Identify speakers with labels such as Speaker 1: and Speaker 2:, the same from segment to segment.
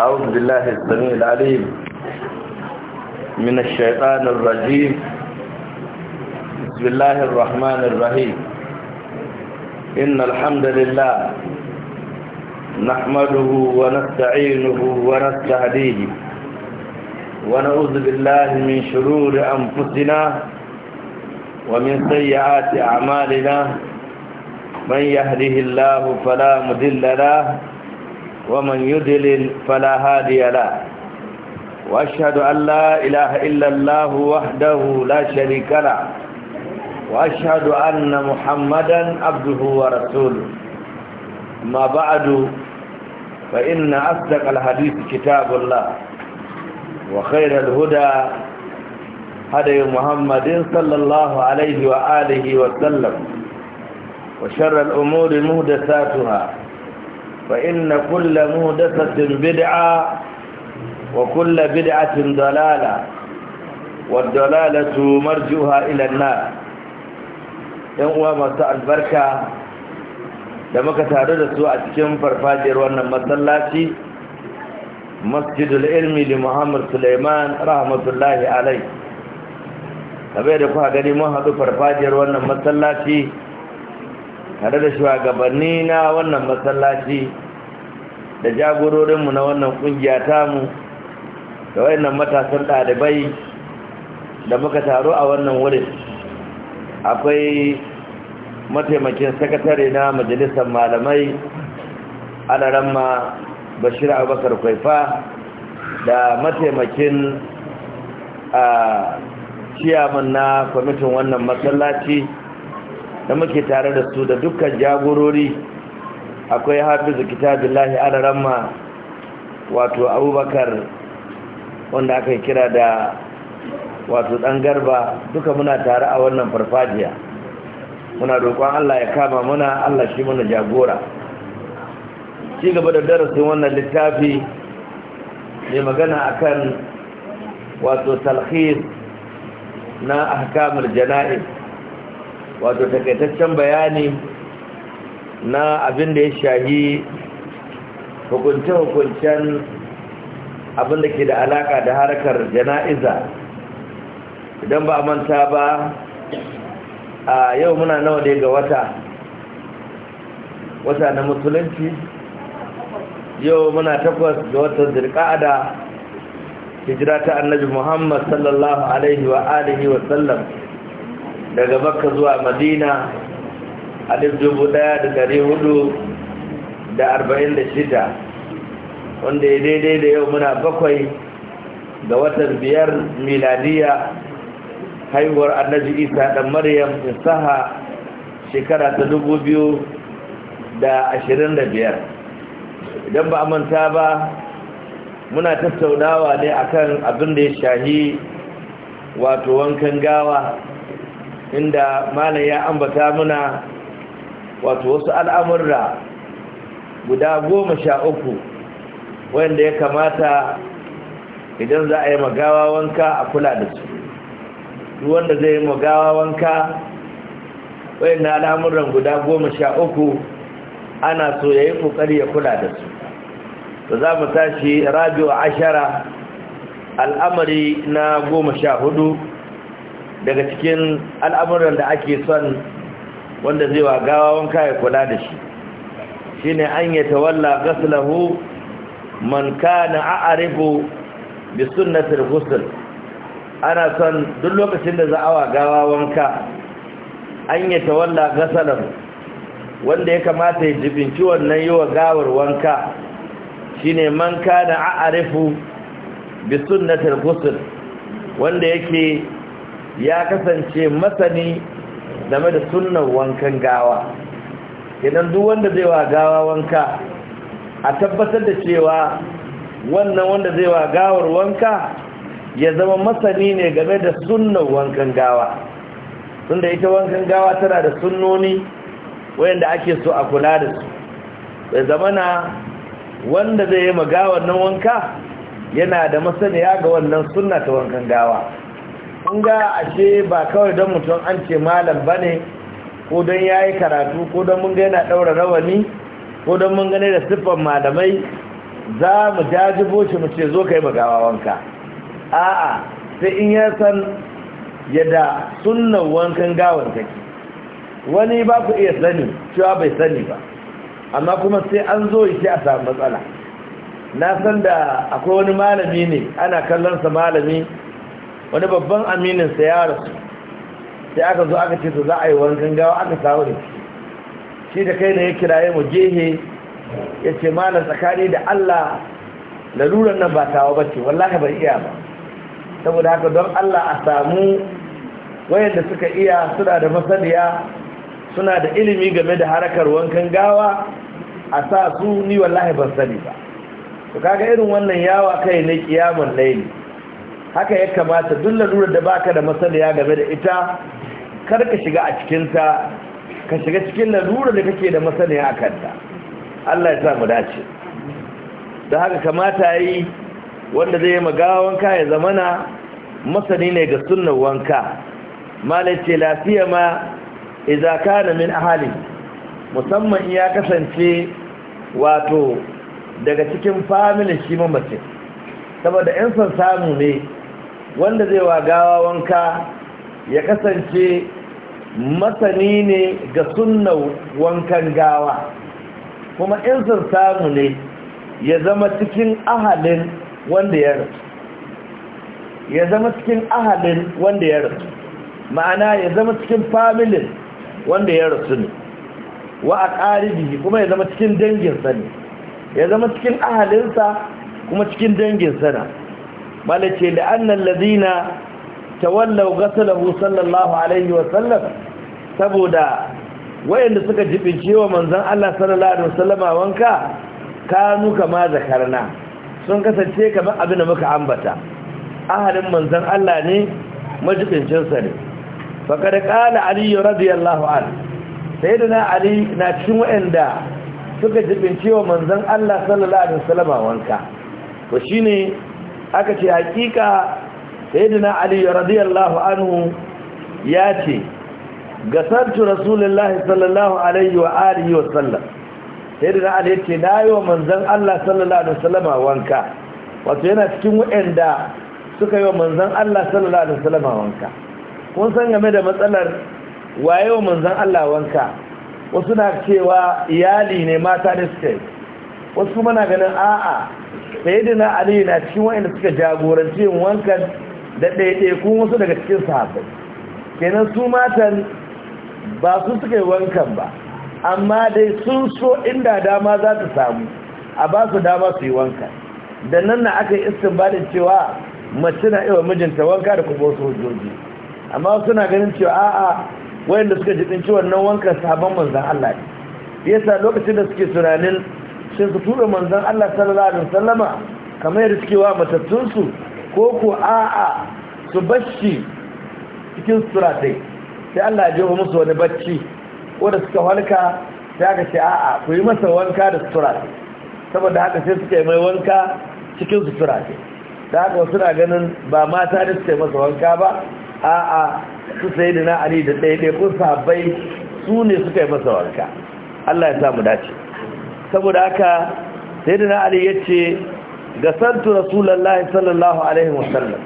Speaker 1: أعوذ بالله السميع العليم من الشيطان الرجيم بسم الله الرحمن الرحيم إن الحمد لله نحمده ونستعينه ونستهديه ونعوذ بالله من شرور أنفسنا ومن سيئات أعمالنا من يهده الله فلا مذل له ومن يدلل فلا هادي له وأشهد أن لا إله إلا الله وحده لا شريك له وأشهد أن محمدا عبده ورسوله ما بعد فإن أصدق الحديث كتاب الله وخير الهدى هدي محمد صلى الله عليه وآله وسلم وشر الأمور مهدساتها فإن كل مهدثة بدعة وكل بدعة ضلالة والضلالة مرجوها إلى النار ينقوى مساء البركة لما كتعرض سوء الشم فرفاجر وانا مسلاتي مسجد العلم لمحمد سليمان رحمة الله عليه أبي دفع قديمها بفرفاجر وانا مسلاتي tare da shugabanni na wannan masallaci da jagororinmu na wannan kungiya mu, da wayannan matasan ɗalibai da muka taro a wannan wurin akwai mataimakin sakatare na majalisar malamai alaramma bashir abubakar kwaifa da mataimakin a ciyaman na kwamitin wannan masallaci da muke tare da su da dukkan jagorori akwai hafizu kitabillahi ararama wato abubakar wanda aka kira da wato dan garba duka muna tare a wannan farfajiya muna roƙon Allah ya kama muna Allah shi muna jagora ci gaba da darasin wannan littafi mai magana akan wato talhis na ahkamul jana'is wato takaitaccen bayani na abin da ya shahi hukunce-hukuncen abin da ke da alaka da harkar jana'iza idan ba a manta ba a yau muna nawa ne ga wata wata na musulunci yau muna takwas ga wata zirka'ada hijira ta annabi muhammad sallallahu alaihi wa alihi wa sallam daga makka zuwa madina alif dubu ɗaya da dari hudu da arba'in da shida wanda ya daidai da yau muna bakwai ga watan biyar miladiya haihuwar annabi isa ɗan maryam isaha shekara ta dubu biyu da ashirin da biyar idan ba a manta ba muna tattaunawa ne akan abin da ya shahi wato wankan gawa inda malam ya ambata mana wato wasu al'amurra guda goma sha uku wanda ya kamata idan za a yi magawa wanka a kula da su wanda zai yi magawa wanka wayanda al'amuran guda goma sha uku ana so ya yi ƙoƙari ya kula da su da za mu tashi rabi'u ashara al'amari na goma sha hudu daga cikin al'amuran da ake son wanda zai wa gawawan kayan kula da shi shi ne an yi tawalla gaslahu man kana arifu bi sunnatar ghusl ana son duk lokacin da wa gawa wanka an yi tawalla gaslahu wanda ya kamata ya jibinci wannan yi wa gawar wanka shine man kana arifu bi sunnatar ghusl wanda yake ya kasance masani game da sunnan wankan gawa idan duk wanda zai wa gawa wanka a tabbatar da cewa wannan wanda zai wa gawar wanka ya zama masani ne game da sunnan wankan gawa tunda ita wankan gawa tana da sunnoni wayanda ake so a kula da su bai zamana wanda zai yi magawar nan wanka yana da masaniya ga wannan sunna ta wankan gawa kun ga ashe ba kawai don mutum an ce malam ba ne ko don ya yi karatu ko don mun ga yana ɗaura rawani ko don mun gane da siffan malamai za mu jajibo shi mu ce zo ka magawa wanka a'a sai in ya san yadda sunnan wankan gawar take wani ba ku iya sani cewa bai sani ba amma kuma sai an zo yi a samu matsala na san da akwai wani malami ne ana kallonsa malami wani babban aminin sa ya sai aka zo aka ce su za a yi wankan gawa aka samu da shi shi da kai ne ya kiraye mu jehe ya ce na tsakani da Allah laluran nan ba tawa ba ce wallahi ban iya ba saboda haka don Allah a samu wayanda suka iya suna da masaniya suna da ilimi game da harakar wankan gawa a sa su ni wallahi ban sani ba to kaga irin wannan yawa kai ne kiyamun laili haka ya kamata duk lalurar da baka da masaniya game da ita kar ka shiga a cikinta ka shiga cikin lalurar da kake da masaniya a kanta Allah ya sa mu dace da haka kamata yi wanda zai yi magawa wanka ya zamana masani ne ga sunnan wanka malace lafiya ma idza kana min ahali musamman ya kasance wato daga cikin family shi mamacin saboda 'yan son samu ne wanda zai wa gawa wanka ya kasance masani ne ga sunnan wankan gawa kuma in sun samu ne ya zama cikin ahalin wanda ya rasu ya zama cikin ahalin wanda ya rasu ma'ana ya zama cikin familin wanda ya rasu ne wa a ƙaribi kuma ya zama cikin danginsa ne ya zama cikin ahalinsa kuma cikin danginsa na bala ce da annan lazina ta tawallau gasalahu sallallahu alaihi wasallam saboda wayanda suka jibince wa manzon Allah sallallahu alaihi wasallama wanka kanu kama zakarna sun kasance kamar abin da muka ambata ahalin manzon Allah ne majibincin sa ne faqad qala ali radiyallahu anhu sayyidina ali na cikin wayanda suka jibince wa manzon Allah sallallahu alaihi wasallama wanka to shine aka ce hakika sayyidina ali radiyallahu anhu ya ce gasartu rasulullahi sallallahu alaihi wa alihi wa sallam sayyidina ali yace yi wa manzon Allah sallallahu alaihi wasallam wanka wato yana cikin wa'anda suka yi wa manzon Allah sallallahu alaihi wasallam wanka kun san game da matsalar waye wa manzon Allah wanka wasu na cewa iyali ne mata ne suke wasu kuma na ganin a'a sayyidina ali na cikin wanda suka jagoranci yin wankan da ɗaiɗaikun wasu daga cikin sahabbai kenan su matan ba su suka yi wankan ba amma dai sun so inda dama za ta samu a ba su dama su yi wanka da nan na aka yi istinbadin cewa mace na iya mijinta wanka da kuma wasu hujjoji amma suna ganin cewa a'a wayanda suka ci wannan wankan sabon manzan Allah ne yasa lokacin da suke tunanin sai su tura manzan Allah sallallahu alaihi wasallama kamar yadda suke wa matattunsu ko ku a'a su bashi cikin suratai sai Allah ya jefa musu wani bacci ko da suka wanka, sai aka ce a'a ku yi masa wanka da suratai saboda haka sai suka yi mai wanka cikin suratai da haka wasu na ganin ba mata da suka yi masa wanka ba a'a su sai da na ali da ɗaya ɗaya ko sabai su ne suka yi masa wanka Allah ya sa mu dace saboda haka sayyidina ya ce, ga santu rasulallah sallallahu alaihi wasallam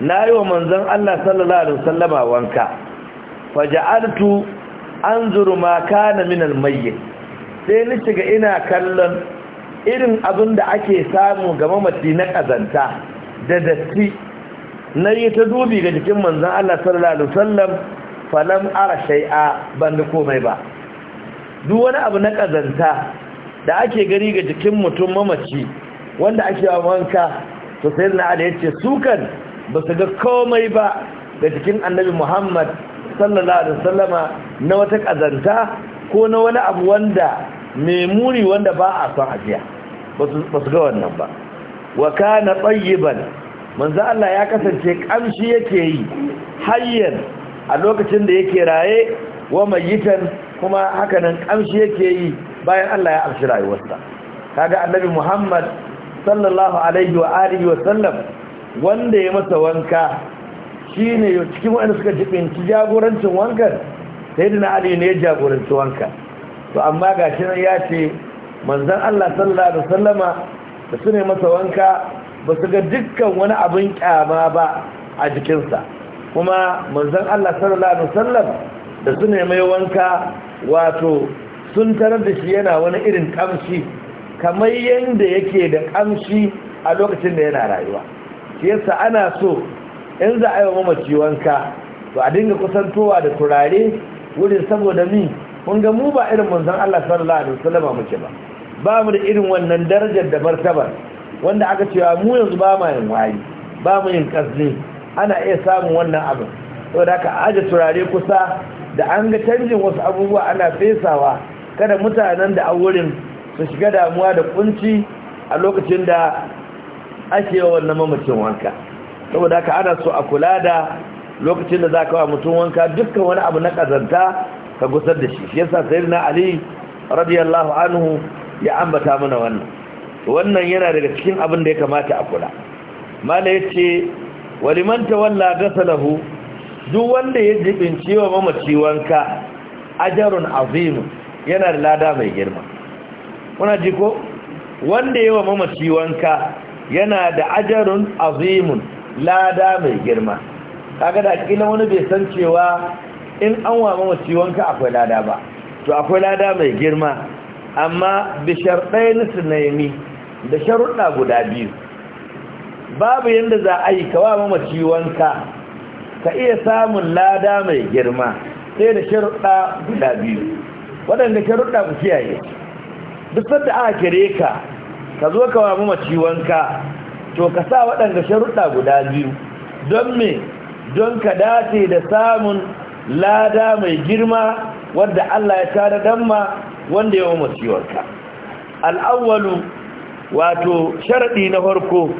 Speaker 1: yi wa manzan Allah sallallahu alaihi wasallama wanka faja'altu anzuru ma kana min almayyit sai ni shiga ina kallon irin abin da ake samu ga mamaci na kazanta da datti na yi ta dubi ga jikin manzan Allah sallallahu Alaihi wasallam falam ara shai'a ban da komai ba duk wani abu na kazanta. da ake gani ga jikin mutum mamaci wanda ake wa wanka to sai na ala yace sukan ba su ga komai ba ga jikin annabi muhammad sallallahu alaihi wasallama na wata kazanta ko na wani abu wanda mai muri wanda ba a son ajiya ba su ga wannan ba wa kana tayyiban manzo Allah ya kasance kamshi yake yi hayyan a lokacin da yake raye wa mayitan kuma hakanan kamshi yake yi bayan Allah ya alfi rayuwarsa kaga annabi Muhammad sallallahu alaihi wa alihi wa sallam wanda ya masa wanka shine cikin wanda suka ci jagorancin wankan sayyidina Ali ne ya jagoranci wanka to amma gashi nan ya ce manzon Allah sallallahu alaihi wa sallama da su ne masa wanka ba su ga dukkan wani abin kyama ba a jikinsa kuma manzon Allah sallallahu alaihi wa sallam da su ne mai wanka wato sun tarar da shi yana wani irin kamshi kamar yadda yake da kamshi a lokacin da yana rayuwa shi yasa ana so in za a yi wa mamaci wanka to a dinga kusantowa da turare wurin saboda mi kun ga mu ba irin manzon Allah sallallahu alaihi wasallam muke ba ba mu da irin wannan darajar da martabar wanda aka cewa mu yanzu ba ma yin wayi ba mu yin kasne ana iya samun wannan abin saboda haka aje turare kusa da an ga canjin wasu abubuwa ana fesawa kada mutanen da a wurin su shiga damuwa da kunci a lokacin da ake yi wannan mamacin wanka saboda ka ana so a kula da lokacin da za ka wa mutum wanka dukkan wani abu na kazanta ka gusar da shi yasa yasa na ali radiyallahu anhu ya ambata mana wannan wannan yana daga cikin abin da ya kamata a kula mala yace waliman tawalla gasalahu duk wanda ya jibince wa mamaci wanka ajarun azim yana da lada mai girma kuna ji ko wanda yawa mamaci wanka yana da ajarun azimun lada mai girma kaga da kila wani bai san cewa in an wa mamaci wanka akwai lada ba to akwai lada mai girma amma bi na sunaimi da sharuɗa guda biyu babu yadda za a yi kawa mamaci wanka ka iya samun lada mai girma sai da sharuɗa guda biyu waɗanda ka rudda ku kiyaye duk sanda aka kire ka ka zo ka wa mamaci wanka to ka sa waɗanda sharuɗa guda biyu don me don ka dace da samun lada mai girma wadda Allah ya tare dan ma wanda ya mamaci wanka al'awwalu wato sharaɗi na farko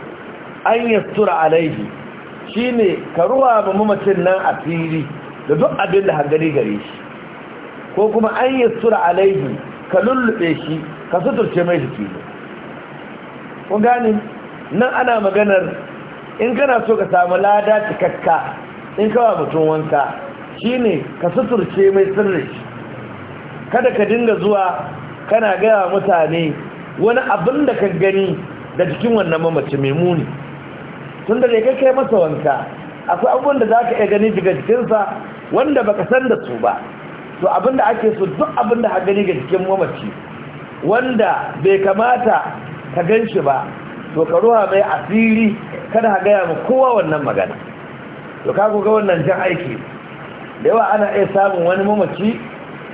Speaker 1: an yastura alaihi shine ka ruwa mamacin nan a fili da duk abin da hangari gare shi ko kuma an yi sura alaihi ka lullube shi ka suturce mai jiki Ku gani nan ana maganar in kana so ka samu lada cikakka in kawa mutum wanka shi ne ka suturce mai sirri kada ka dinga zuwa kana gaya mutane wani abin da ka gani da jikin wannan mamaci mai muni tun da ka kai masa wanka akwai abubuwan da za ka iya gani daga jikinsa wanda baka san da su ba to abinda ake so duk abinda ka gani ga cikin mamaci wanda bai kamata ka ganshi ba to ka ruwa mai asiri kada ka gaya mu kowa wannan magana to ka ga wannan jan aiki da yawa ana iya samun wani mamaci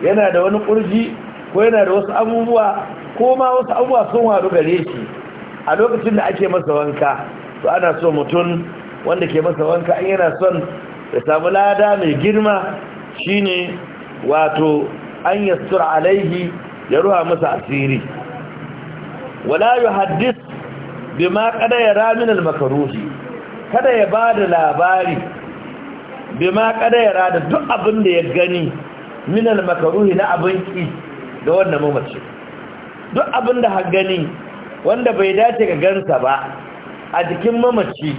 Speaker 1: yana da wani kurji ko yana da wasu abubuwa ko ma wasu abubuwa sun haɗu gare shi a lokacin da ake masa wanka to ana so mutum wanda ke masa wanka in yana son ya samu lada mai girma shine wato an yastura alaihi ya ruha masa asiri wala yuhaddis bima kada ya ramin al-makruhi kada ya bada labari bima kada ya rada duk abin da ya gani min al-makruhi na abin ki da wannan mamaci duk abin da gani wanda bai dace ga gansa ba a jikin mamaci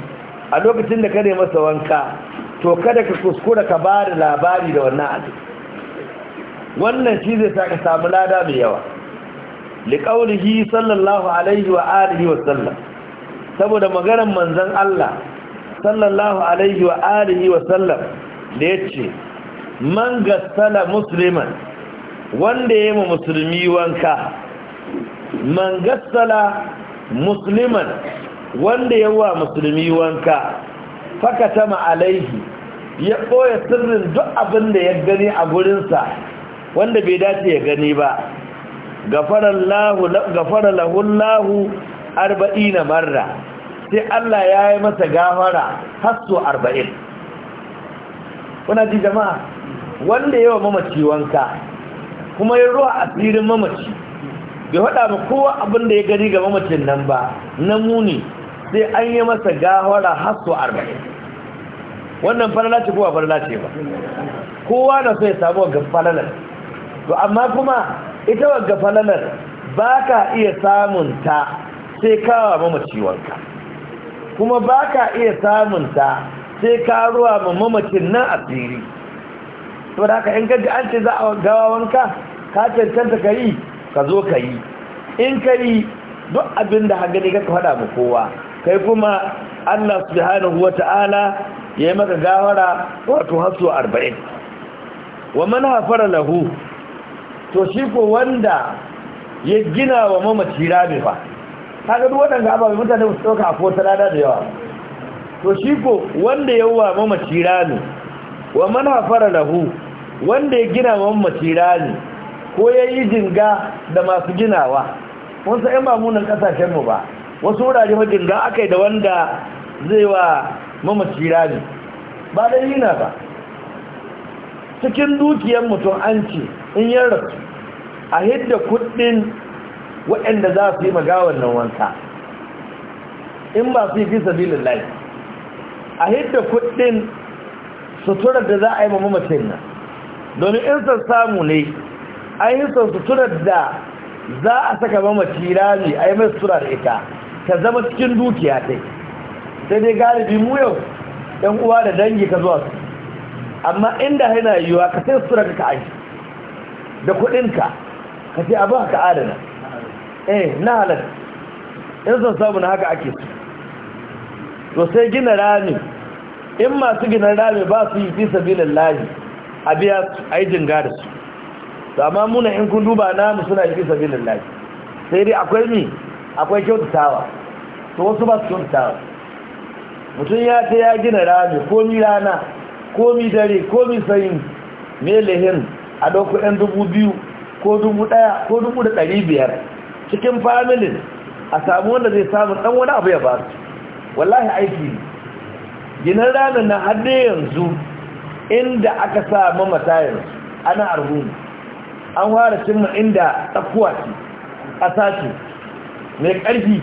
Speaker 1: a lokacin da ya masa wanka to kada ka kuskura ka bada labari da wannan abin wannan shi zai ka samu lada mai yawa liƙaunihi sallallahu alaihi wa alihi wa sallam saboda maganar manzan Allah sallallahu alaihi wa alihi wa sallam da ya ce man gassala musulman wanda ya yi musulmi wanka man gassala musulman wanda ya wa musulmi wanka fakatama alaihi ya ɓoye sirrin duk abin da ya gani a gurinsa wanda bai dace ya gani ba gafara lahullahu na marra sai Allah ya yi masa gafara hasso arba'in kuna ji jama'a wanda yawa mamaci wanka kuma ya ruwa asirin mamaci bai hada ba kowa abin da ya gani ga mamacin nan ba na muni sai an yi masa gafara hasso arba'in wannan falala ce kowa falala ce ba kowa na so ya samu ga falalar to amma kuma ita wagga falalar ba ka iya samun ta sai kawa mamaci wanka kuma ba ka iya samun ta sai ka ruwa ma mamacin nan asiri to da haka in gaji an ce za a gawa wanka ka cancanta ka yi ka zo ka yi in ka yi duk abin da hagani ka faɗa ma kowa kai kuma allah subhanahu wa ta'ala ya yi maka gawara wato hasu arba'in wa man hafara lahu to shi ko wanda ya gina wa mamaci rami fa duk waɗanda ababe mutane su ɗauka a ta rana da yawa to shi ko wanda ya wa mamaci rami wa man lahu wanda ya gina wa mamaci rami ko ya yi jinga da masu ginawa mun 'yan mamunan ƙasashenmu ba wasu wurare majinga aka yi da wanda zai wa mamaci rami ba da na ba cikin dukiyar mutum an ce in ya rasu a hidda kudin waɗanda za su yi magawar nan wanka in ba su yi fi sabilin lai a hidda kudin suturar da za a yi mace nan domin in san samu ne an yi san suturar da za a saka mamaci rami a yi mai sutura da ita ta zama cikin dukiya ta yi sai dai galibi mu yau ɗan uwa da dangi ka zuwa su amma inda yana yiwuwa ka sai sutura ka aji da kudinka ka ce abu haka adana eh na halar in son samu na haka ake su to sai gina rami in masu gina rami ba su yi fi sabilin lallahi a biya su a yi jinga da su to amma muna in kun duba namu suna yi fi sabilin lallahi sai dai akwai mi akwai kyautatawa to wasu ba su kyautatawa mutum ya ce ya gina rami ko ni rana komi dare komi sayin melehin a dauku yan dubu biyu ko dubu ɗaya ko dubu da ɗari biyar cikin familin a samu wanda zai samu ɗan wani abu ya ba wallahi aiki ginin ranar na hannu yanzu inda aka sa mamata yanzu ana arhuni an fara cimma inda tsakuwa ce a sace mai ƙarfi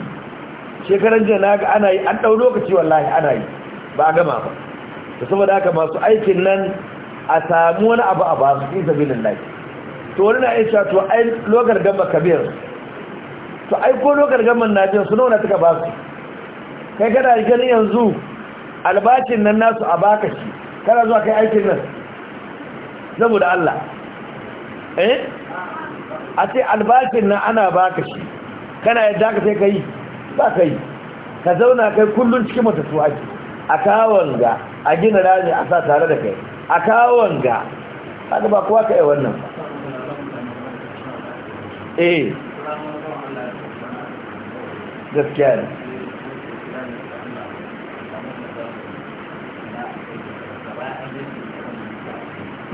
Speaker 1: shekaran jiya na ga ana yi an ɗau lokaci wallahi ana yi ba a gama ba da saboda haka masu aikin nan a samu wani abu a basu fi sabilin laifin to wani na yi sha to ai lokar gamba kabir to ai ko lokar gamba na jin su nuna suka basu kai kada ganin yanzu albacin nan nasu a baka shi kada zuwa kai aikin nan saboda Allah eh a ce albacin nan ana baka shi kana yadda ka sai kai ba kai ka zauna kai kullum cikin matatu ake a kawon ga a gina rami a sa tare da kai a kawo wanga haɗu ba kowa ka yi wannan eh gaskiya ne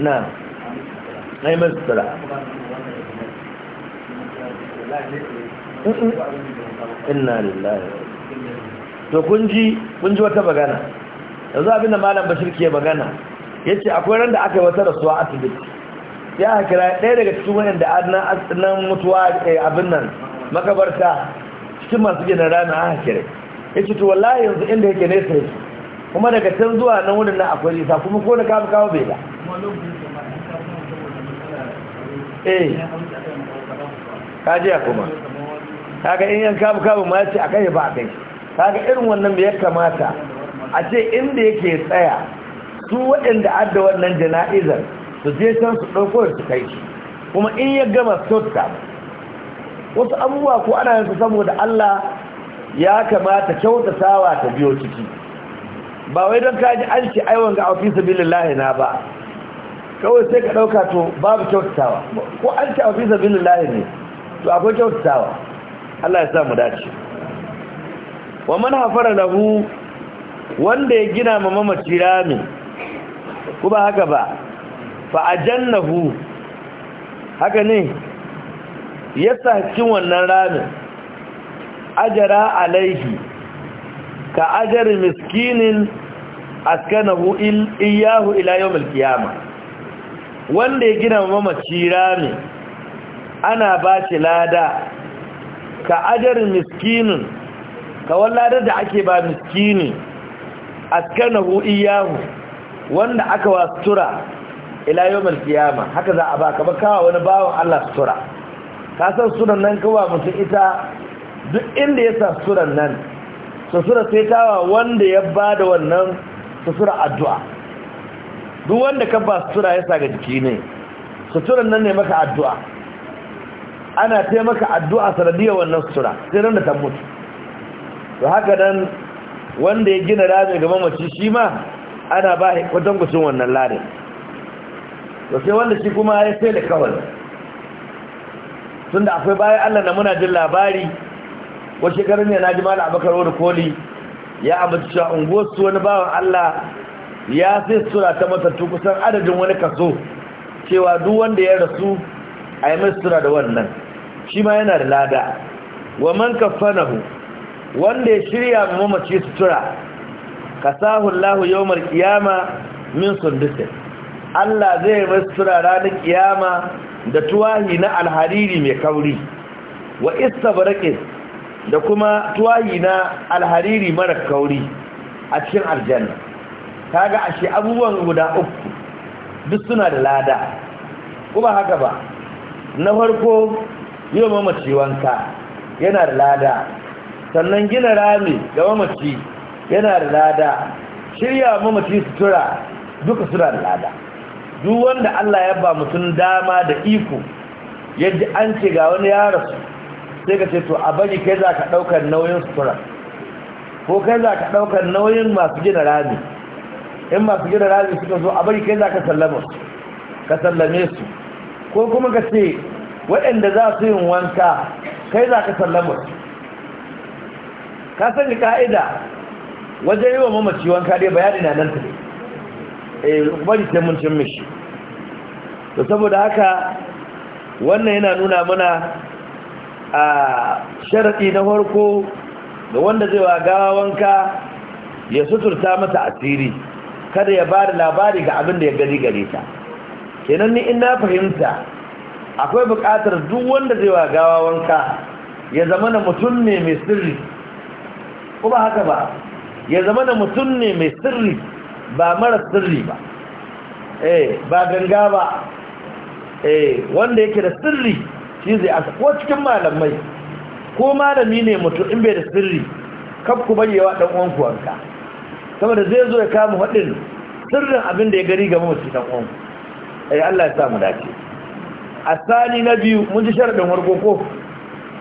Speaker 1: na na yi mai sutura inna lullahi to kun ji wata magana yanzu abinda malam bashir ke magana ya ce akwai ran da aka yi wata rasuwa asibiti ya hakira ɗaya daga cikin wani da nan mutuwa eh, abin nan makabarta cikin masu gina rana a hakira ya ce to wallahi yanzu inda yake nesa yake kuma daga can zuwa nan wurin na akwai nisa kuma ko na kawo kawo bai da eh kajiya kuma kaga in yan kawo kawo ma ya ce a kai ba a kai kaga irin wannan bai ya kamata a ce inda yake tsaya su waɗanda adda wannan jana'izar su je can su ɗauko su kai shi kuma in ya gama sotka wasu abubuwa ko ana yanzu saboda Allah ya kamata kyautatawa ta biyo ciki ba wai don kaji an ce aiwon ga ofi sabilillahi na ba kawai sai ka ɗauka to babu kyautatawa ko an ce ofi sabilillahi ne to akwai kyautatawa Allah ya sa mu dace wa man hafara lahu wanda ya gina ma mamaci rami ku ba haka ba fa hu haka ne ya sakin wannan ramin ajara alaihi ka ajar miskinin hu iyahu ila yau wanda ya gina mamaci rami ana ba shi lada ka ajar miskinin ka walladar da ake ba miskinin. askanahu iyahu wanda aka wa sutura ila yawmal qiyama haka za a baka ba kawa wani bawon Allah sutura ka san sunan nan kawa mutum ita duk inda ya sa sunan nan sutura sai tawa wanda ya bada wannan sutura addu'a duk wanda ka ba sutura ya sa ga jiki ne suturan nan ne maka addu'a ana taimaka addu'a sanadiyar wannan sutura sai nan da ta mutu da haka nan wanda ya gina rami ga mamaci shi ma ana ba kwatan gushin wannan larin to sai wanda shi kuma ya sai da kawai tunda akwai bayan allah na muna jin labari wasu shekarun ne na ji mala abakar wani koli ya amince cewa unguwarsu wani bawan allah ya sai sura ta matattu kusan adadin wani kaso cewa duk wanda ya rasu a yi mai sura da wannan shi ma yana da lada wa man kafanahu wanda ya shirya mamaci sutura kasahun Allahu yawmar kiyama min dutse, Allah zai mai sutura ranar kiyama da tuwahi na alhariri mai kauri wa istabrakin da kuma tuwahi na alhariri mara kauri a cikin aljanna kaga ashe abubuwan guda uku duk suna da lada kuma haka ba na farko yau mamaci wanka yana da lada sannan gina rami ga mamaci yana da lada shirya mamaci sutura duka suna da lada duk wanda Allah ya ba mutum dama da iko yadda an ce ga wani yaro sai ka ce to a bari kai za ka ɗaukar nauyin sutura ko kai za ka ɗaukar nauyin masu gina rami in masu gina rami suka zo a bari kai za ka sallama ka sallame su ko kuma ka ce waɗanda za su yin wanka kai za ka sallama su ka sani ka'ida wajen yi wa mamaci wanka dai bayani na nan ta ne eh bari sai mun cin mishi to saboda haka wannan yana nuna mana a sharaɗi na farko da wanda zai wa gawa wanka ya suturta mata asiri kada ya bada labari ga abin da ya gari gare ta kenan ni ina fahimta akwai buƙatar duk wanda zai wa gawa wanka ya zama na mutum ne mai sirri ko ba haka ba ya zama da mutum ne mai sirri ba mara sirri ba eh ba ganga ba eh wanda yake da sirri shi zai asa ko cikin malamai ko malami ne mutum in bai da sirri kaf ku bayyewa dan uwanku wanka saboda zai zo ya kama hadin sirrin abin da ya gari ga mutum dan uwan eh Allah ya sa mu dace asani na biyu mun ji sharadin warko ko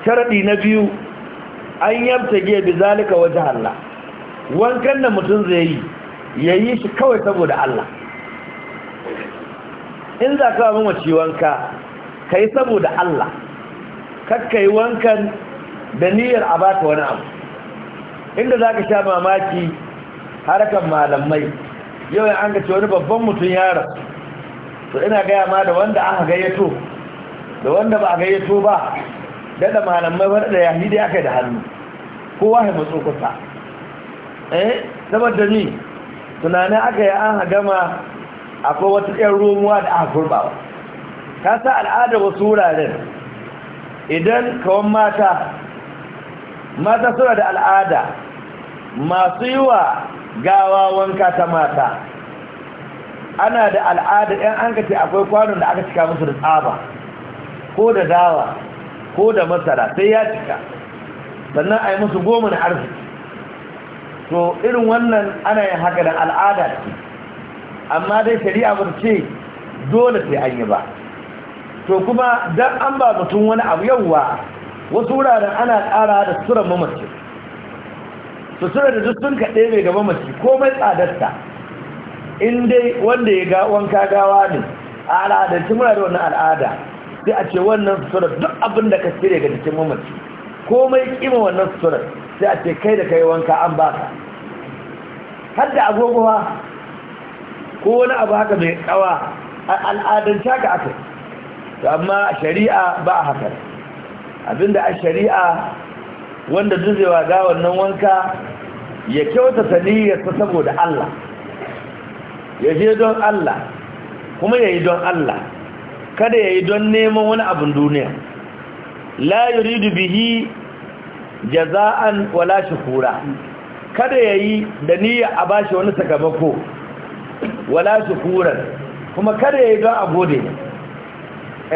Speaker 1: sharadi na biyu an yamta giya bi zalika wajen Allah wankan da mutum zai yi ya yi shi kawai saboda Allah in za ka wa mace wanka ka yi saboda Allah kakka yi wankan da niyyar a baka wani abu inda za ka sha mamaki harkan malamai yau ya an gace wani babban mutum yara to ina gaya ma da wanda aka gayyato da wanda ba a gayyato ba daɗa malamai wani da yahidi aka da hannu ko ya matso kusa eh saboda ni tunanin aka yi an hagama akwai wata ɗin romuwa da aka kurbawa ka sa al'ada wasu wuraren idan kawon mata mata suna da al'ada masu yi wa gawa wanka ta mata ana da al'ada ɗin an ka akwai kwanon da aka cika musu da tsaba ko da dawa ko da masara sai ya cika sannan a yi musu goma na arziki to irin wannan ana yin haka da al'ada ce amma dai shari'a ba ce dole sai an yi ba to kuma don an ba mutum wani abu yawwa wasu wuraren ana ƙara da suran mamaci suturar da duk sun kaɗe mai gaba mace komai tsadarta in dai wanda ya ga wanka gawa ne a al'adar muna da wani al'ada sai a ce wannan suturar duk abin da ka cire ga jikin mamaci komai kima wannan suturar sai a ce kai da kai wanka an ba ka har da agogowa ko wani abu haka mai kawa al'adance haka aka amma shari'a ba a haka abinda a shari'a wanda duzewa ga wannan wanka ya kyautata niyyarsa saboda Allah ya je don Allah kuma ya yi don Allah kada ya yi don neman wani abin duniya la yuridu bihi jaza'an wala shukura kada ya yi da niyya a bashi wani sakamako wala shukura kuma kada ya yi don a gode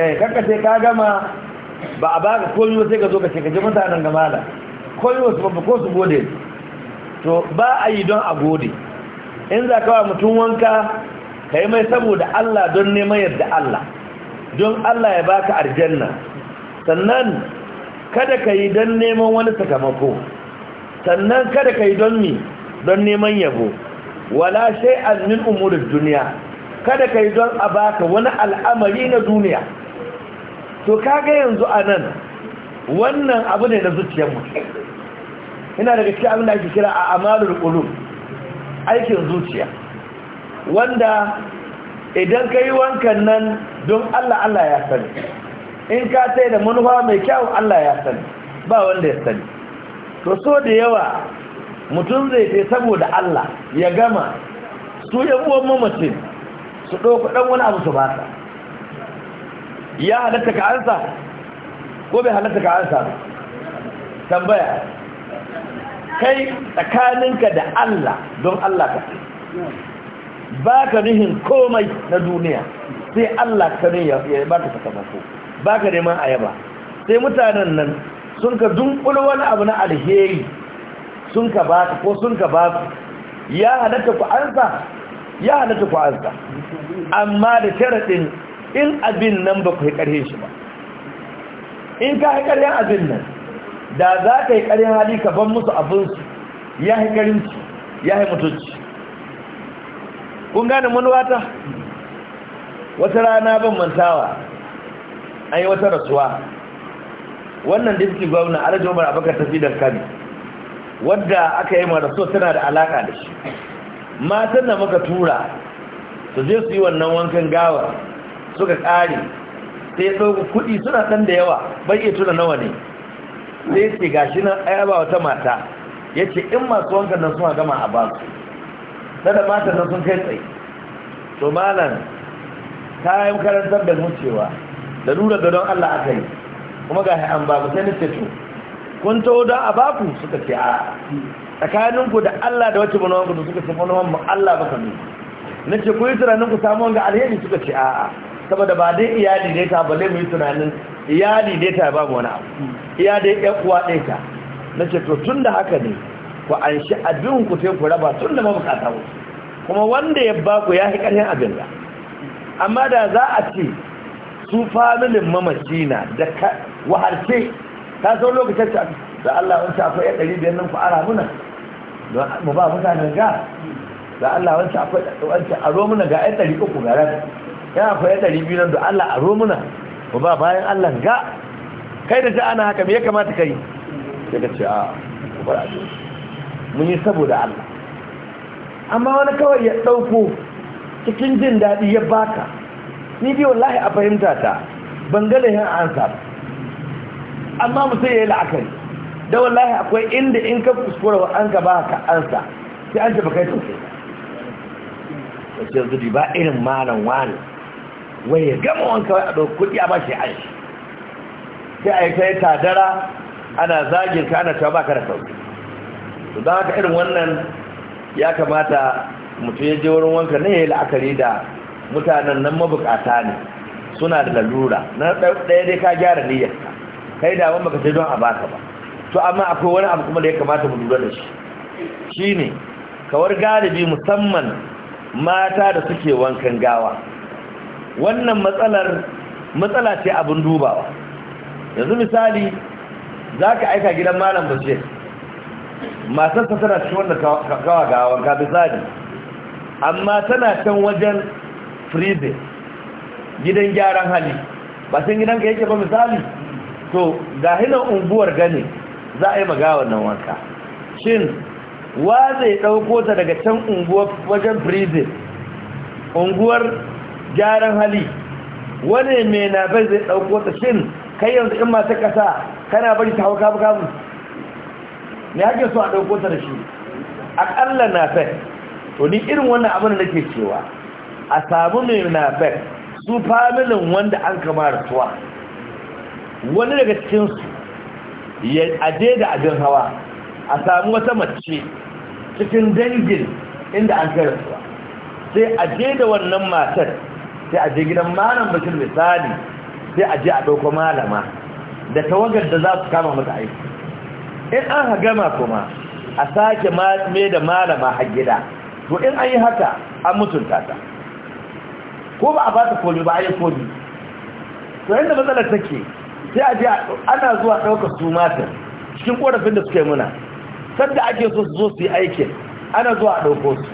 Speaker 1: eh kanka sai ka gama ba a baka koyo sai ka zo ka shekaci mutanen gamala koyo su babu ko su gode to ba a yi don a gode in za ka wa mutum wanka ka yi mai saboda Allah don neman yadda Allah don Allah ya baka aljanna sannan kada ka yi don neman wani sakamako sannan kada ka yi don mi don neman yabo wala shay'an min umurid duniya kada ka yi don a baka wani al'amari na duniya to kaga yanzu a nan wannan abu ne na zuciyar mu. ina daga cikin abin da ake kira a amalul qulub aikin zuciya wanda idan ka yi wankan nan don Allah Allah ya sani in ka sai da manufa mai kyau Allah ya sani ba wanda ya sani to so da yawa mutum zai fi saboda Allah ya gama su yan mamacin su ɗauka ɗan wani abu su ba ta ya halatta ka ansa ko bai halatta ka ansa tambaya kai tsakaninka da Allah don Allah ka sai ba ka nihin komai na duniya sai Allah ka ne ya ba ka sakamako ba ka neman ayaba sai mutanen nan sun ka dunkulu wani abu na alheri sun ka ba ko sun ka ba su. ya halatta ku ansa ya halatta ku ansa amma da sharaɗin in abin nan ba ku yi ƙarhe shi ba in ka yi ƙarhen abin nan da za ka yi ƙarhen hali ka ban musu abinsu ya yi ƙarinci ya yi mutunci kun gane manuwata wata rana ban mantawa an yi wata rasuwa wannan diski gwamna alhaji umar tafi tafidar kari. wadda aka yi marasu tana da alaka da shi matan da muka tura su je su yi wannan wankan gawa suka kare sai ya kuɗi suna dan da yawa bai iya tuna nawa ne sai ce gashi na ayaba wata mata ya ce in masu wankan nan suna gama a basu na da matan na sun kai tsaye to malam kayan karantar da cewa da nuna ga don Allah aka yi kuma ga an babu sai nace to kun taho don a baku suka ce a ku da Allah da wacce bana wanku suka ce bana wanku Allah baka ne nace ku yi tunanin ku samu wanga alheri suka ce a saboda ba dai iyali ne ta balle mu yi tunanin iyali ne ta babu wani abu iya dai ƴan uwa ɗaya ta nace to tun da haka ne ku an shi abin ku sai ku raba tun da mabukata wuce. kuma wanda ya ba ku ya fi ƙarfin abin da amma da za a ce su familin mamaci na da waharce ta sau lokacin ta da Allah wancan akwai yan ɗari biyar nan ku ara muna mu ba mutanen ga da Allah wancan akwai wancan aro muna ga yan ɗari uku garar ya akwai yan ɗari biyu nan da Allah aro muna mu ba bayan Allah ga kai da ta ana haka me ya kamata kai sai ka ce a ku bar abin mun yi saboda Allah amma wani kawai ya ɗauko cikin jin daɗi ya baka ni bi wallahi a fahimta ta ban ga ansa amma mutum ya yi la'akari da wallahi akwai inda in ka kuskura wa an gaba ka ansa sai an tafi kai sosai da ce yanzu ba irin malam wani wai ya gama wanka a ɗauki kuɗi a bashi an shi sai a yi ta yi tadara ana zagin ka ana cewa baka da sauki to da haka irin wannan ya kamata mutu ya je wurin wanka ne ya yi la'akari da mutanen nan mabukata ne suna da lalura na ɗaya dai ka gyara niyyarka kai da baka sai don a baka ba to amma akwai wani abu kuma da ya kamata mu lura da shi Shi ne, kawar galibi musamman mata da suke wankan gawa wannan matsalar matsala ce abin dubawa yanzu misali za ka aika gidan malam bashir ta tana cikin wanda kawa ga wanka bisani amma tana can wajen freezing gidan gyaran hali ba sun ka yake ba misali to ga hinan unguwar gani za a yi magawar nan wanka shin wa zai ɗauko ta daga can unguwar wajen freezing unguwar gyaran hali wane mai na bai zai ɗauko ta shin kai yanzu in masu ƙasa kana bari ta hau kabu kabu ne ake so a ɗauko ta da shi aƙalla nafek to ni irin wannan abin da nake cewa a samu mai nafek su familin wanda an kamar tuwa wani daga cikinsu ya aje da abin hawa a samu wata mace cikin dangin inda an kai rasuwa sai aje da wannan matar sai aje gidan malam bashir misali sai aje a ɗauko malama da tawagar da za su kama mata aiki in an gama kuma a sake mai da malama a gida to in an yi haka an mutunta ta ko ba a ba ta ba a yi komi to yadda matsalar take sai a je ana zuwa ɗauka su matan cikin ƙorafin da suke muna sadda ake so su zo su yi aikin ana zuwa ɗauko su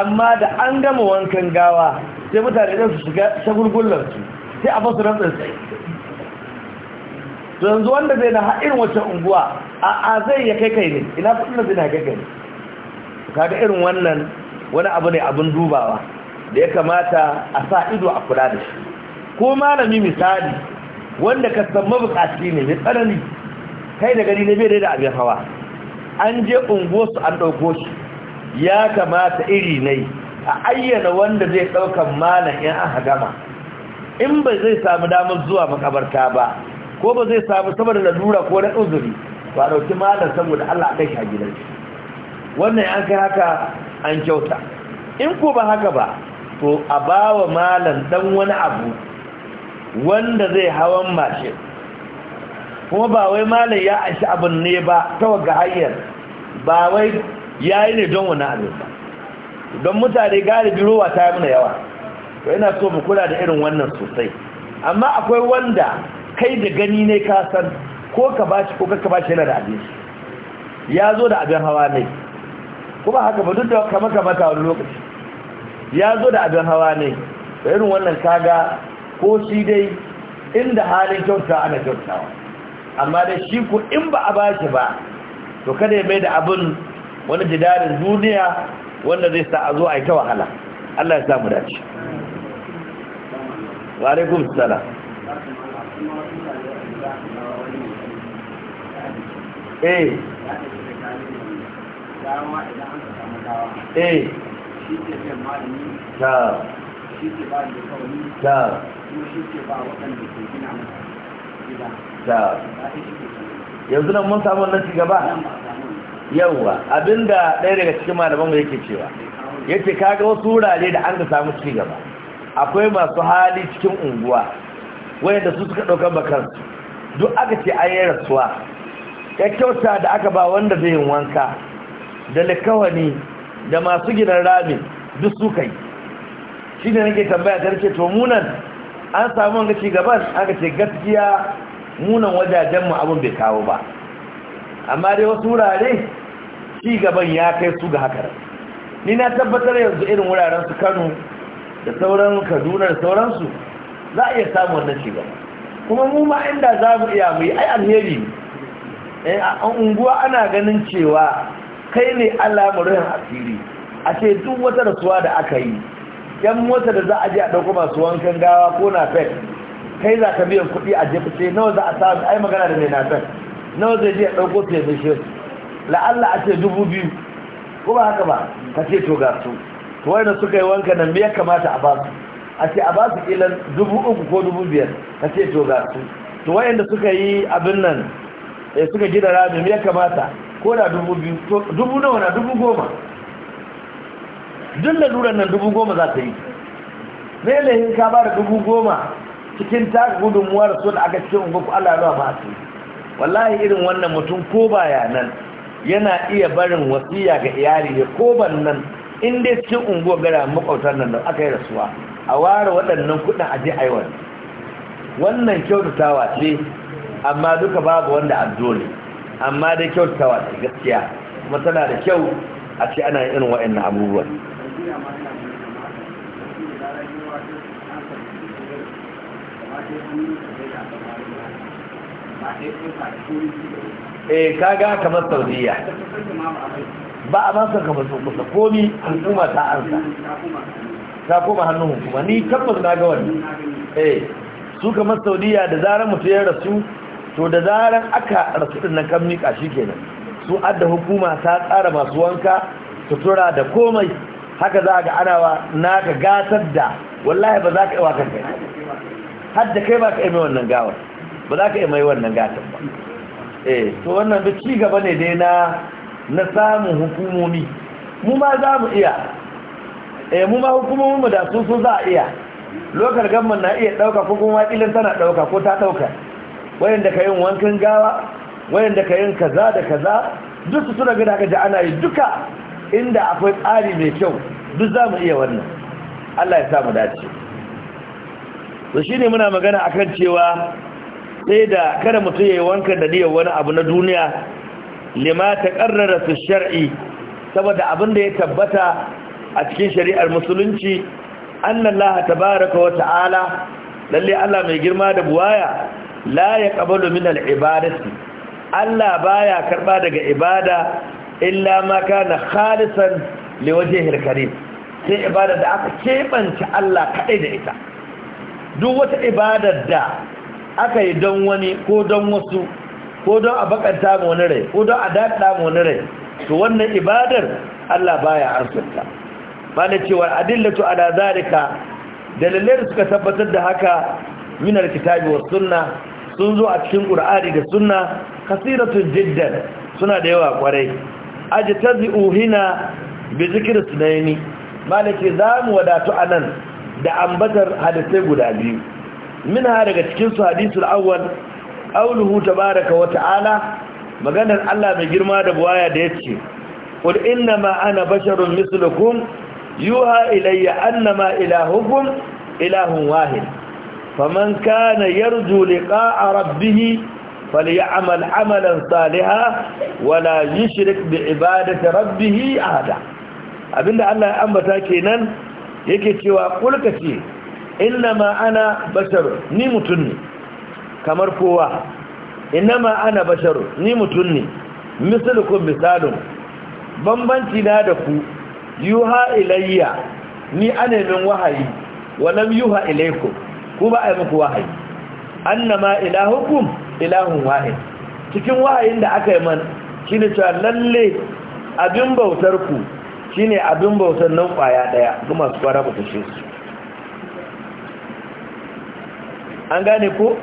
Speaker 1: amma da an gama wankan gawa sai mutane ɗan su shiga shagulgullarsu sai a fasu rantsar sai yanzu wanda zai na haɗin wacce unguwa a zai ya kai kai ne ina kudin da zina kai kai ne ga irin wannan wani abu ne abin dubawa da ya kamata a sa ido a kula da shi ko malami misali wanda ka san mabukaci ne mai tsanani kai da gari ne bai da abin hawa an je unguwarsu an ɗauko shi ya kamata iri ne a ayyana wanda zai ɗaukan malam in an hagama in ba zai samu damar zuwa makabarta ba ko ba zai samu saboda lalura ko na uzuri ba dauki malam saboda Allah kai shi gidan shi wannan an kai haka an kyauta in ko ba haka ba to a ba wa malam dan wani abu wanda zai hawan mashin kuma ba wai malam ya ashi abin ne ba ta waga hanyar ba wai ya yi ne don wani abin ba don mutane galibi rowa ta yi mana yawa to ina so mu kula da irin wannan sosai amma akwai wanda kai da gani ne ka san ko ka bashi ko ka bashi yana da abin ya zo da abin hawa ne kuma haka ba duk da kama ta wani lokaci ya zo da abin hawa ne da irin wannan kaga ko shi dai inda halin kyauta ana kyautawa amma da shi ko in ba a bashi ba to kada ya mai da abin wani jidarin duniya wanda zai sa a zo a yi ta wahala Allah ya samu dace wa alaikum salam eh eh ta yanzu nan mun samu nan gaba yauwa abinda ɗaya daga cikin malaman mu yake cewa yace kaga wasu wurare da an ga samu ci gaba akwai masu hali cikin unguwa wayanda su suka ɗaukar bakansu duk aka ce an yi rasuwa ya kyauta da aka ba wanda zai yin wanka da likawani da masu gidan rami duk su kai shi ne nake tambaya ta rike to munan an samu wanga ci gaban aka ce gaskiya munan wajajenmu abin bai kawo ba amma dai wasu wurare ci gaban ya kai su ga haka ni na tabbatar yanzu irin wuraren su kano da sauran kaduna da sauransu za a iya samun wannan ci gaba kuma mu ma inda za mu iya mu yi ai alheri Eh, a unguwa ana ganin cewa kai ne alamurin asiri a ce duk wata rasuwa da aka yi yan mota da za a je a ɗauko masu wankan gawa ko na fek kai za ka biyan kuɗi a jefa ce nawa za a samu ai magana da mai na fek nawa zai je a ɗauko su ya zai la'alla a ce dubu biyu ko ba haka ba ka ce to ga su to wani suka yi wanka nan me ya kamata a ba su a ce a ba su ƙilan dubu uku ko dubu biyar ka ce to ga su to wayanda suka yi abin nan da eh, suka gina ramin ya kamata ko da dubu nawa na dubu goma duk lalurar nan dubu goma za ta yi zai lahin ka ba da dubu goma cikin taka gudunmuwar sun aka cikin unguku allah ruwa ba su wallahi irin wannan mutum ko baya nan yana iya barin wasiya ga iyali ya ko ban nan in dai cikin unguwa gara makwautar nan da aka yi rasuwa a ware waɗannan kuɗin aje aiwar wannan kyautatawa ce amma duka babu wanda addo ne amma dai kyau ta gaskiya kuma tana da kyau a ce ana irin wa'annan abubuwan eh kaga kamar saudiya ba a masa kamar su kusa komi hukuma ta ansa ta koma hannun hukuma ni tabbas na ga wani eh su kamar saudiya da zarar mutu ya rasu to da zaran aka rasu din nan kan mika shi kenan su adda hukuma ta tsara masu wanka sutura da komai haka za ga ana naka gatar da wallahi ba za ka yi wa kai, har da kai ba ka yi mai wannan gawar ba za ka yi mai wannan gatar ba eh to wannan da ci gaba ne dai na na samun hukumomi mu ma za mu iya eh mu ma hukumomi mu da su su za a iya lokar gamman na iya dauka ko kuma ilan tana dauka ko ta dauka wayanda ka yin wankan gawa wayanda ka yin kaza da kaza duk su suna gina gaji ana yi duka inda akwai tsari mai kyau duk za mu iya wannan Allah ya samu dace to shine muna magana akan cewa sai da kada mutum ya yi wankan da niyyar wani abu na duniya lima ta karrara su shar'i saboda abin da ya tabbata a cikin shari'ar musulunci annan laha tabaraka wa ta'ala lalle Allah mai girma da buwaya la ya ƙabalu min al'ibadati Allah baya karɓa daga ibada illa ma na khalisan liwajihil hirkari sai ibada da aka keɓance Allah kaɗai da ita duk wata ibada da aka yi don wani ko don wasu ko don a bakanta wani rai ko don a daɗa wani rai to wannan ibadar Allah baya ba bane cewa adillatu ala dalilai da suka tabbatar da haka minar kitabi wa sunna sun zo a cikin ƙur'ani da suna kasiratun jiddar suna da yawa ƙwarai. kwarai ajtazi'u hina bi na sunaini malaki mu wadatu a nan da ambatar hadisai guda biyu minha daga cikinsu su hadisul awwal ta baraka wa ta'ala maganar Allah mai girma da buwaya da ya ce. kul inna ma ana basharun mislukum yuha ilayya annama ilahukun ilahun wahid faman kana yarju liqa'a rabbih falyamal amalan Saliha, wala yushrik bi ibadati rabbih abinda Allah ya ambata kenan yake cewa kulka ce innama ana bashar ni mutun ne kamar kowa innama ana bashar ni mutun ne mislukum misalun bambanci na da ku yuha ilayya ni ana min wahayi wa lam yuha ilaykum ku ba a yi muku wahayi annama ilahukum ilahun wahid cikin wahayin da aka yi man shine cewa lalle abin bautar ku shine abin bautar nan kwaya daya kuma su fara ku tashi su an gane ko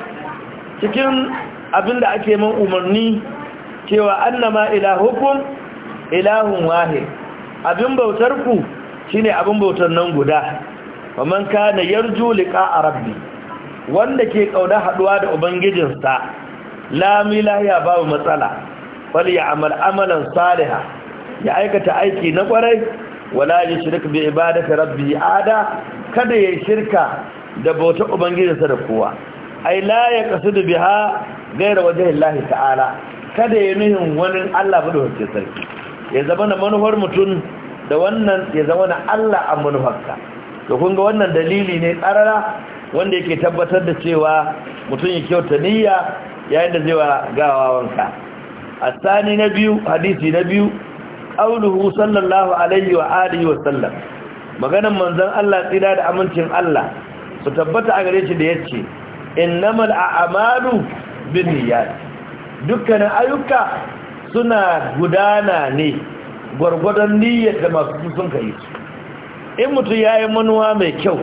Speaker 1: cikin abin da ake man umarni cewa annama ilahukum ilahun wahid abin bautar ku shine abin bautar nan guda faman kana yarju liqa'a rabbi wanda ke kauna haduwa da ubangijinsa la milahiya babu matsala fal amal amalan Saliha. ya aikata aiki na kwarai wala yushrik bi ibadati rabbi ada kada ya shirka da bauta ubangijinsa da kowa ai la ya kasudu biha gaira wajhillahi ta'ala kada ya nuhin wani Allah ba sarki ya zama manufar mutum da wannan ya zama na Allah a manufarka to kun ga wannan dalili ne tsarara wanda yake tabbatar da cewa mutum ya kyauta niyya yayin da zai wa gawa wanka asani na biyu hadisi na biyu qauluhu sallallahu alaihi wa alihi wa sallam maganan manzon Allah tsira da amincin Allah su tabbata a gare shi da yace innamal a'malu binniyat dukkanin ayyuka suna gudana ne gwargwadon niyyar da masu sun kai su in mutum ya yi manuwa mai kyau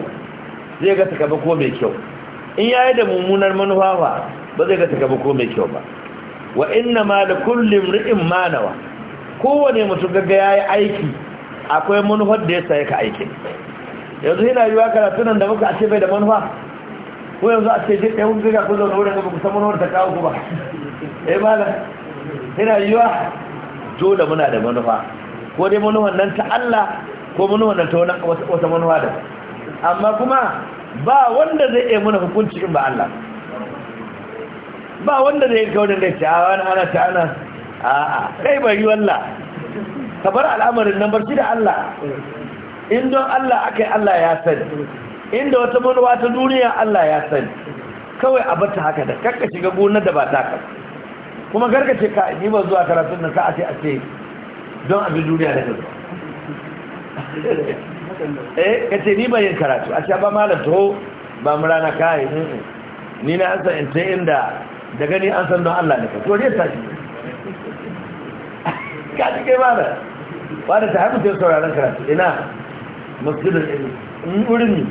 Speaker 1: zai ga ko mai kyau in ya yi da mummunar manuwa ba ba zai ga ko mai kyau ba wa inna ma da kullum ri'in manawa kowane mutum gaga ya yi aiki akwai manuwar da ya sayi ka aikin yanzu yana yi wa karatunan da muka ce bai da manuwa ko yanzu a ce jirgin yawon gaga kun zaune wurin da kusan manuwar ta kawo ku ba eh malam yana yi wa dole muna da manuwa ko dai manuwar nan ta Allah ko mun wannan ta wata manuwa da amma kuma ba wanda zai yi muna hukunci in ba Allah ba wanda zai ga wanda da ta ah, wani ana ta ana a'a kai yi wallah ka bar al'amarin nan barci da Allah in don Allah akai Allah ya sani da wata manuwa ta duniya Allah ya sani kawai a bata haka da kakka shiga gonar da ba ka kuma gargace ka ni ba zuwa karatun nan ka a ce a ce don abin duniya da gaba eh ka ce ni ba yin karatu a sha ba malam to ba mu rana kai ni na an san in ta inda da gani an san don Allah ne to dai ta ka ji ke malam ba da ta haifu sai sauraron karatu ina masjidin in wurin ni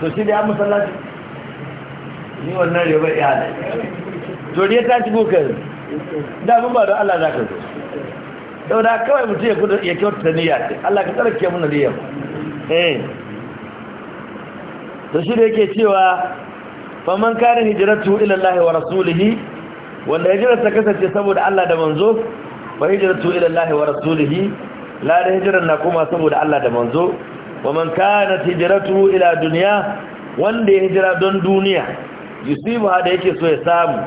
Speaker 1: to shi da ya musallaci ni wannan rebar iyalai to dai ta shigo ka da mun ba don Allah zaka zo sau da kawai mutum ya kudu ya kyauta niyya ce Allah ka tsarki muna niyyar eh to shi da yake cewa man kare hijiratu ila Allah wa rasulihi wanda hijirar ta kasance saboda Allah da manzo fa hijiratu ila Allah wa rasulihi la da hijirar na kuma saboda Allah da manzo wa man kana hijiratu ila dunya wanda ya hijira don duniya yusibu da yake so ya samu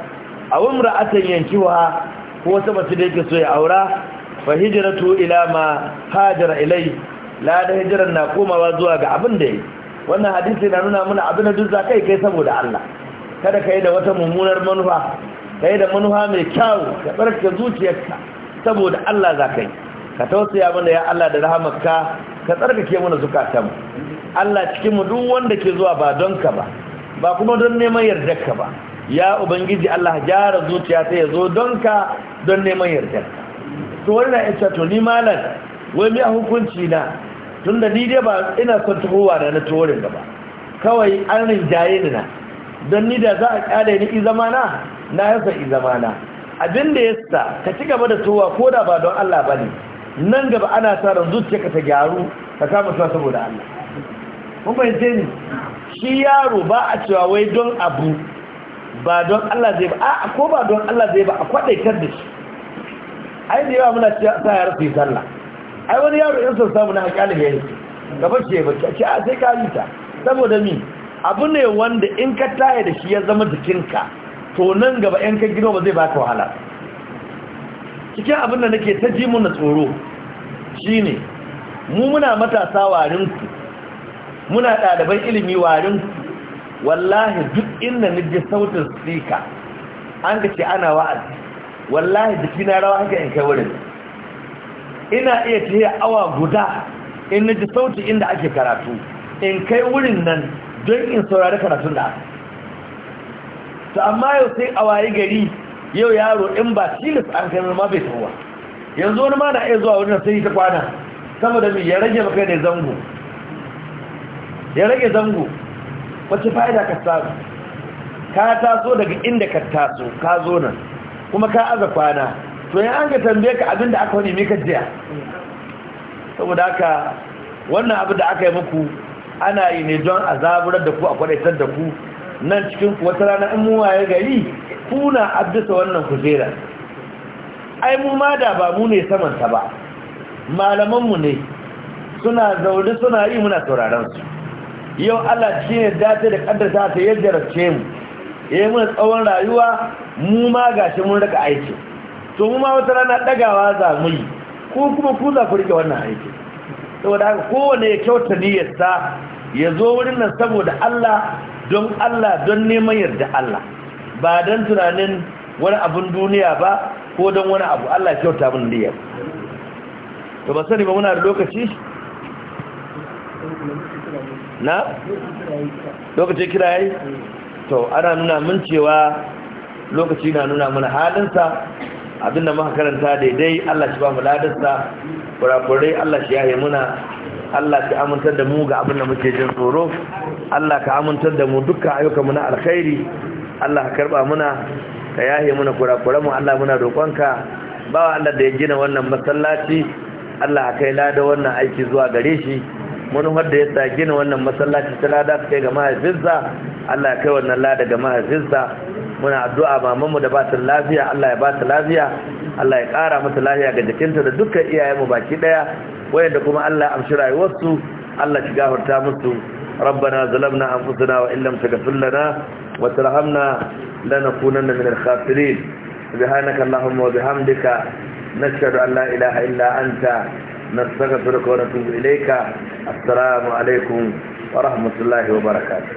Speaker 1: a wumra atan yankiwa ko wata mace da yake so ya aura fa hijratu ila ma hajara ilai la da hijran na komawa zuwa ga abin da yi wannan hadisi na nuna mana abin da duk za kai kai saboda Allah kada kai da wata mummunar manufa kai da manufa mai kyau ka barka zuciyarka saboda Allah za kai ka tausaya mana ya Allah da rahamarka ka tsarkake mana zukatanmu Allah cikin mu duk wanda ke zuwa ba don ka ba ba kuma don neman yardarka ba ya ubangiji Allah gyara zuciya ta ya zo don ka don neman yardarka to wannan ya ce to ni malam wai mai a hukunci na tun da ni dai ba ina son tuhowa da na tuhorin da ba kawai an rinjaye ni na don ni da za a kyale ni izamana na yasa izamana abin da ya sa ka ci gaba da tuhowa ko da ba don Allah ba ne nan gaba ana sa zuciya ka ta gyaru ka samu sa saboda Allah mun ce ni shi yaro ba a cewa wai don abu ba don Allah zai ba a ko ba don Allah zai ba a kwadaitar da shi ai da yawa muna sa yara su yi sallah ai wani yaro in sun samu na haƙalin ya yi gaba ce ba ce a sai ka yi ta saboda mi abu ne wanda in ka taya da shi ya zama jikinka to nan gaba yan ka gino ba zai baka wahala cikin abin da nake ta ji muna tsoro shine mu muna matasa warinku muna ɗaliban ilimi warinku wallahi duk inda nije sautin sika an ka ce ana wa'azi wallahi jiki na rawa haka in kai wurin ina iya tafiya awa guda in na ji sauti inda ake karatu in kai wurin nan don in saurari karatun da aka to amma yau sai a waye gari yau yaro in ba tilis an kai ma bai tawa yanzu wani ma na iya zuwa wurin sai ta kwana saboda mai ya rage maka da zango ya rage zango wacce fa'ida ka samu ka taso daga inda ka taso ka zo nan kuma ka aza kwana to yin an ga tambaye ka abin da aka wani mai jiya saboda aka wannan abin da aka yi muku ana yi ne don a zaburar da ku a kwadaitar da ku nan cikin wata rana in muwa ya gari kuna abdisa wannan kujera ai mu ma da ba mu ne samanta ba malamanmu ne suna zaune suna yi muna sauraron su yau Allah shi ne dace da kaddasa ta yadda ce mu ya yi mana tsawon rayuwa mu ma gashi mun raka aiki to mu ma wata rana ɗagawa za mu yi ko kuma ku za ku rike wannan aiki saboda haka kowane ya kyauta niyyarsa ya zo wurin nan saboda Allah don Allah don neman yarda Allah ba don tunanin wani abun duniya ba ko don wani abu Allah kyauta mun niyyar to ba sani ba muna da lokaci na lokacin kira yayi to ana nuna mun cewa lokaci na nuna mana halinsa abinda muka karanta daidai Allah shi ba mu ladarsa kurakurai Allah shi yaye muna Allah ka amintar da mu ga abin da muke jin tsoro Allah ka amintar da mu dukkan mu na alkhairi Allah ka karba muna ka yaye muna mu Allah muna roƙonka ba Allah da ya gina wannan masallaci Allah ka kai lada wannan aiki zuwa gare shi wani da ya sa gina wannan masallaci ta lada ta kai ga mahaifinsa Allah ya kai wannan lada ga mahaifinsa muna addu'a mamanmu da ba ta lafiya Allah ya ba ta lafiya Allah ya ƙara mata lafiya ga jikinta da dukkan mu baki daya wayanda kuma Allah ya amshi rayuwarsu Allah ki gafarta musu ربنا ظلمنا أنفسنا وإن لم تغفر لنا وترحمنا لنكونن من الخاسرين سبحانك اللهم وبحمدك نشهد أن لا إله إلا أنت نستغفرك ونتوب إليك السلام عليكم ورحمة الله وبركاته